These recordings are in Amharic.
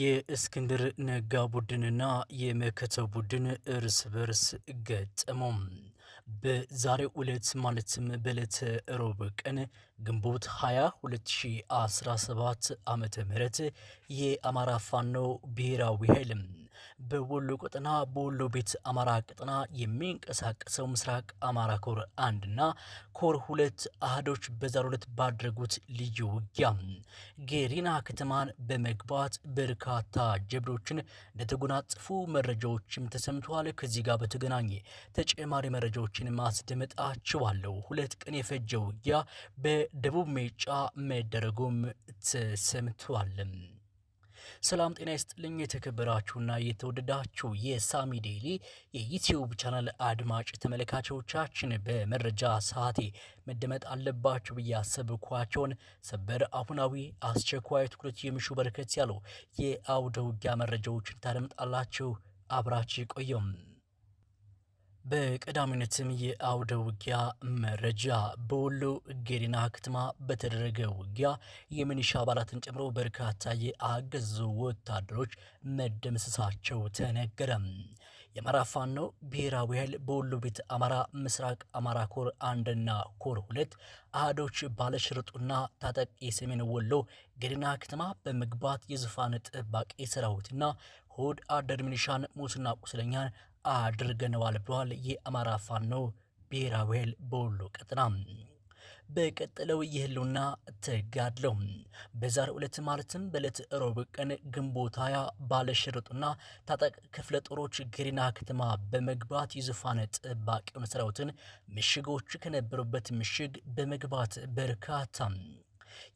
የእስክንድር ነጋ ቡድንና የመከተው ቡድን እርስ በርስ ገጠሙ። በዛሬው ዕለት ማለትም በዕለተ ሮብ ቀን ግንቦት 20 2017 ዓ ም የአማራ ፋኖ ብሔራዊ ኃይልም በወሎ ቀጠና በወሎ ቤት አማራ ቀጠና የሚንቀሳቀሰው ምስራቅ አማራ ኮር አንድና ኮር ሁለት አህዶች በዛሬው ዕለት ባደረጉት ልዩ ውጊያ ጌሪና ከተማን በመግባት በርካታ ጀብዶችን እንደተጎናጸፉ መረጃዎችም ተሰምተዋል። ከዚህ ጋር በተገናኘ ተጨማሪ መረጃዎችን ማስደመጣችኋለሁ። ሁለት ቀን የፈጀ ውጊያ በደቡብ ሜጫ መደረጉም ተሰምተዋል። ሰላም ጤና ይስጥልኝ። የተከበራችሁና የተወደዳችሁ የሳሚ ዴሊ የዩትዩብ ቻናል አድማጭ ተመልካቾቻችን በመረጃ ሰዓቴ መደመጥ አለባቸው ብዬ ያሰብኳቸውን ሰበር፣ አሁናዊ፣ አስቸኳይ ትኩረት የሚሹ በርከት ያሉ የአውደ ውጊያ መረጃዎችን ታደምጣላችሁ። አብራችሁ ቆየም በቀዳሚነትም የአውደ ውጊያ መረጃ በወሎ ጌዴና ከተማ በተደረገ ውጊያ የሚኒሻ አባላትን ጨምሮ በርካታ የአገዙ ወታደሮች መደምሰሳቸው ተነገረ። የአማራ ፋኖ ብሔራዊ ኃይል በወሎ ቤት አማራ ምስራቅ አማራ ኮር አንድና ኮር ሁለት አህዶች ባለሽርጡና ታጠቅ የሰሜን ወሎ ጌዴና ከተማ በመግባት የዙፋን ጥባቂ ሰራዊትና ሆድ አደር ሚኒሻን ሙስና ቁስለኛን አድርገነዋል ብሏል። የአማራ ፋኖ ብሔራዊ ኃይል በወሎ ቀጠና በቀጠለው የህልውና ተጋድለው በዛሬ ዕለት ማለትም በዕለት ሮብ ቀን ግንቦት ሃያ ባለሽርጡና ታጠቅ ክፍለ ጦሮች ግሪና ከተማ በመግባት የዙፋን ጠባቂውን ሰራዊትን ምሽጎች ከነበሩበት ምሽግ በመግባት በርካታ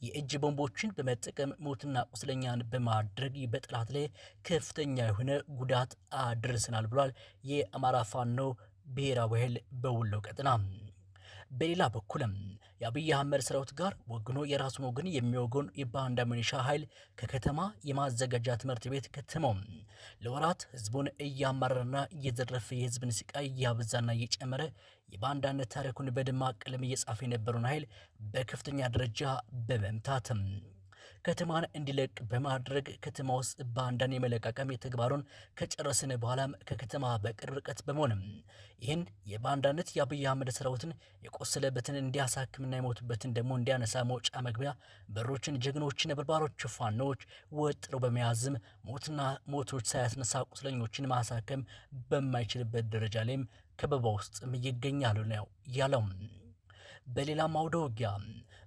የእጅ ቦምቦችን በመጠቀም ሞትና ቁስለኛን በማድረግ በጠላት ላይ ከፍተኛ የሆነ ጉዳት አድርሰናል ብሏል የአማራ ፋኖ ብሔራዊ ኃይል በወሎ ቀጠና በሌላ በኩልም የአብይ አህመድ ሰራዊት ጋር ወግኖ የራሱን ወገን የሚወገን የባንዳ ሚሊሻ ኃይል ከከተማ የማዘጋጃ ትምህርት ቤት ገትመው ለወራት ህዝቡን እያማረረና እየዘረፈ የህዝብን ስቃይ እያበዛና እየጨመረ የባንዳነት ታሪኩን በደማቅ ቀለም እየጻፈ የነበረውን ኃይል በከፍተኛ ደረጃ በመምታትም ከተማን እንዲለቅ በማድረግ ከተማ ውስጥ ባንዳን የመለቃቀም የተግባሩን ከጨረስን በኋላም ከከተማ በቅርብ ርቀት በመሆንም ይህን የባንዳነት የአብይ አህመድ ሰራዊትን የቆሰለበትን እንዲያሳክምና የሞቱበትን ደግሞ እንዲያነሳ መውጫ መግቢያ በሮችን ጀግኖች ነበልባሮች ፋኖች ወጥሮ በመያዝም ሞትና ሞቶች ሳያስነሳ ቁስለኞችን ማሳከም በማይችልበት ደረጃ ላይም ከበባ ውስጥም ይገኛሉ ነው ያለው። በሌላም አውደ ውጊያ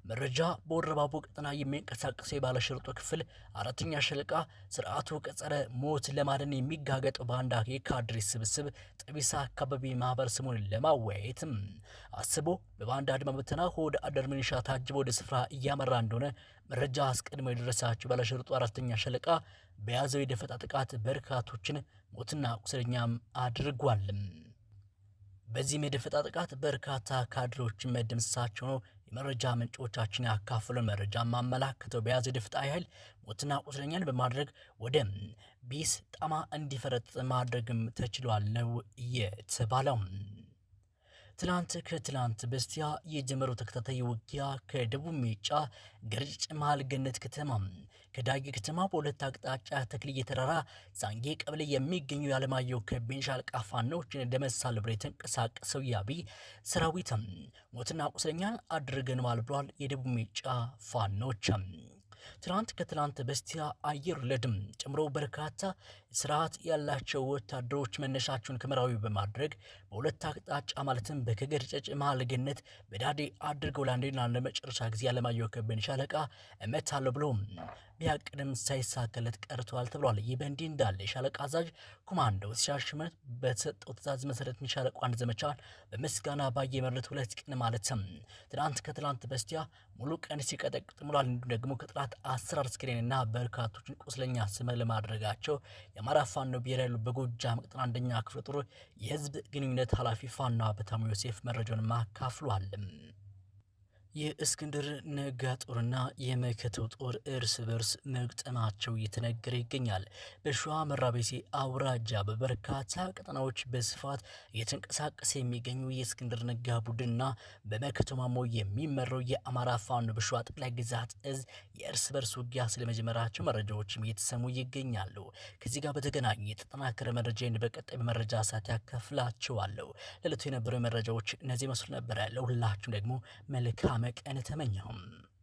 መረጃ በወረባቦ ቀጠና የሚንቀሳቀሰው የባለሸርጦ ክፍል አራተኛ ሸለቃ ስርዓቱ ቀጸረ ሞት ለማደን የሚጋገጥ ባንዳ የካድሬ ስብስብ ጥቢሳ አካባቢ ማህበር ስሙን ለማወያየትም አስቦ በባንዳ አድማ ብተና ሆድ አደር ሚሊሻ ታጅቦ ወደ ስፍራ እያመራ እንደሆነ መረጃ አስቀድሞ የደረሳቸው ባለሸርጦ አራተኛ ሸለቃ በያዘው የደፈጣ ጥቃት በርካቶችን ሞትና ቁስለኛም አድርጓል። በዚህም የደፈጣ ጥቃት በርካታ ካድሬዎችን መደምሰሳቸው ነው የመረጃ ምንጮቻችን ያካፍሉን መረጃ ማመላከተው በያዘ ድፍጣ ያህል ሞትና ቁስለኛን በማድረግ ወደ ቢስ ጠማ እንዲፈረጥ ማድረግም ተችሏል ነው የተባለው። ትላንት ከትላንት በስቲያ የጀመረው ተከታታይ ውጊያ ከደቡብ ሜጫ ገርጭ መሃል ገነት ከተማ ከዳጊ ከተማ በሁለት አቅጣጫ ተክልዬ ተራራ ዛንጌ ቀበሌ የሚገኙ የአለማየሁ ከቤን ሻለቃ ፋኖችን ደመሳ ልብር የተንቀሳቀሰው ያቢ ሰራዊት ሞትና ቁስለኛ አድርገነዋል ብሏል። የደቡብ ሜጫ ፋኖች ትናንት ከትናንት በስቲያ አየር ለድም ጨምሮ በርካታ ስርዓት ያላቸው ወታደሮች መነሻቸውን ከመራዊ በማድረግ በሁለት አቅጣጫ ማለትም በከገድ ጨጭ መሃል ገነት በዳዴ አድርገው ለአንዴና ለመጨረሻ ጊዜ አለማየሁ ከበደ ሻለቃ እመታለሁ ብሎ ቢያቅድም ሳይሳካለት ቀርተዋል ተብሏል። ይህ በእንዲህ እንዳለ የሻለቃ አዛዥ ኮማንዶ ሲሻሽመት በተሰጠው ትእዛዝ መሰረት የሻለቃ አንድ ዘመቻ በምስጋና ባየ መረት ሁለት ቀን ማለትም ትናንት ከትላንት በስቲያ ሙሉ ቀን ሲቀጠቅጥ ሙሏል። እንዲሁም ደግሞ ከጥላት አስር አስክሬንና በርካቶችን ቁስለኛ ስመ ለማድረጋቸው የአማራ ፋኖ ብሔራዊ ኃይል በጎጃም ቀጠና አንደኛ ክፍለ ጦር የህዝብ ግንኙነት ኃላፊ ፋኖ አበታሙ ዮሴፍ መረጃውን ማካፍሏል። የእስክንድር ነጋ ጦርና የመከተው ጦር እርስ በርስ መግጠማቸው እየተነገረ ይገኛል። በሸዋ መራቤቴ አውራጃ በበርካታ ቀጠናዎች በስፋት እየተንቀሳቀሰ የሚገኙ የእስክንድር ነጋ ቡድንና በመከተው ማሞ የሚመራው የአማራ ፋኖ በሸዋ ጠቅላይ ግዛት እዝ የእርስ በርስ ውጊያ ስለመጀመራቸው መረጃዎችም እየተሰሙ ይገኛሉ። ከዚህ ጋር በተገናኘ የተጠናከረ መረጃን በቀጣይ መረጃ ሰዓት ያካፍላችኋለሁ። ለዕለቱ የነበረው መረጃዎች እነዚህ መስሉ ነበረ። ለሁላችሁም ደግሞ መልካም لمكانة من